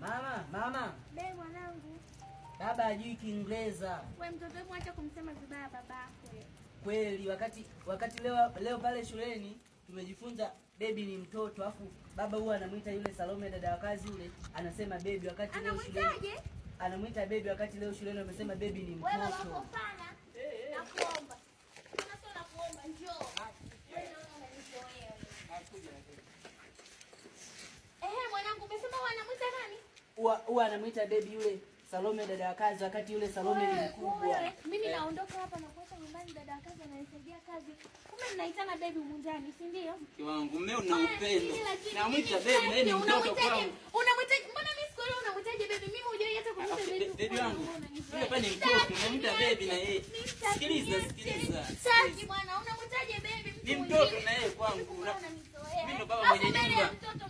Mama, mama. Be mwanangu. Baba ajui Kiingereza. Wewe mtoto wangu acha kumsema vibaya babako. Kweli wakati wakati leo leo pale shuleni tumejifunza baby ni mtoto afu baba huwa anamuita yule Salome dada wa kazi yule anasema baby wakati leo shuleni. Anamuitaje? Anamuita baby wakati leo shuleni amesema baby ni mtoto. Wewe huwa anamwita baby yule Salome dada wa kazi, wakati yule Salome ni mkubwa. Mimi eh. naondoka hapa na kuacha nyumbani dada wa kazi ananisaidia kazi. Kumbe ninaitana baby mundani, si ndio? Mke wangu, mimi una upendo. Namuita baby, mimi ni mtoto kwangu. Unamwita mbona mimi siku ile unamwitaje baby? Mimi hujui hata kumwita baby. Baby wangu. mimi hapa ni mtoto, unamuita baby na yeye. Sikiliza, sikiliza. saki bwana, unamwitaje baby? Ni mtoto na yeye kwangu. Mimi ndo baba mwenye nyumba.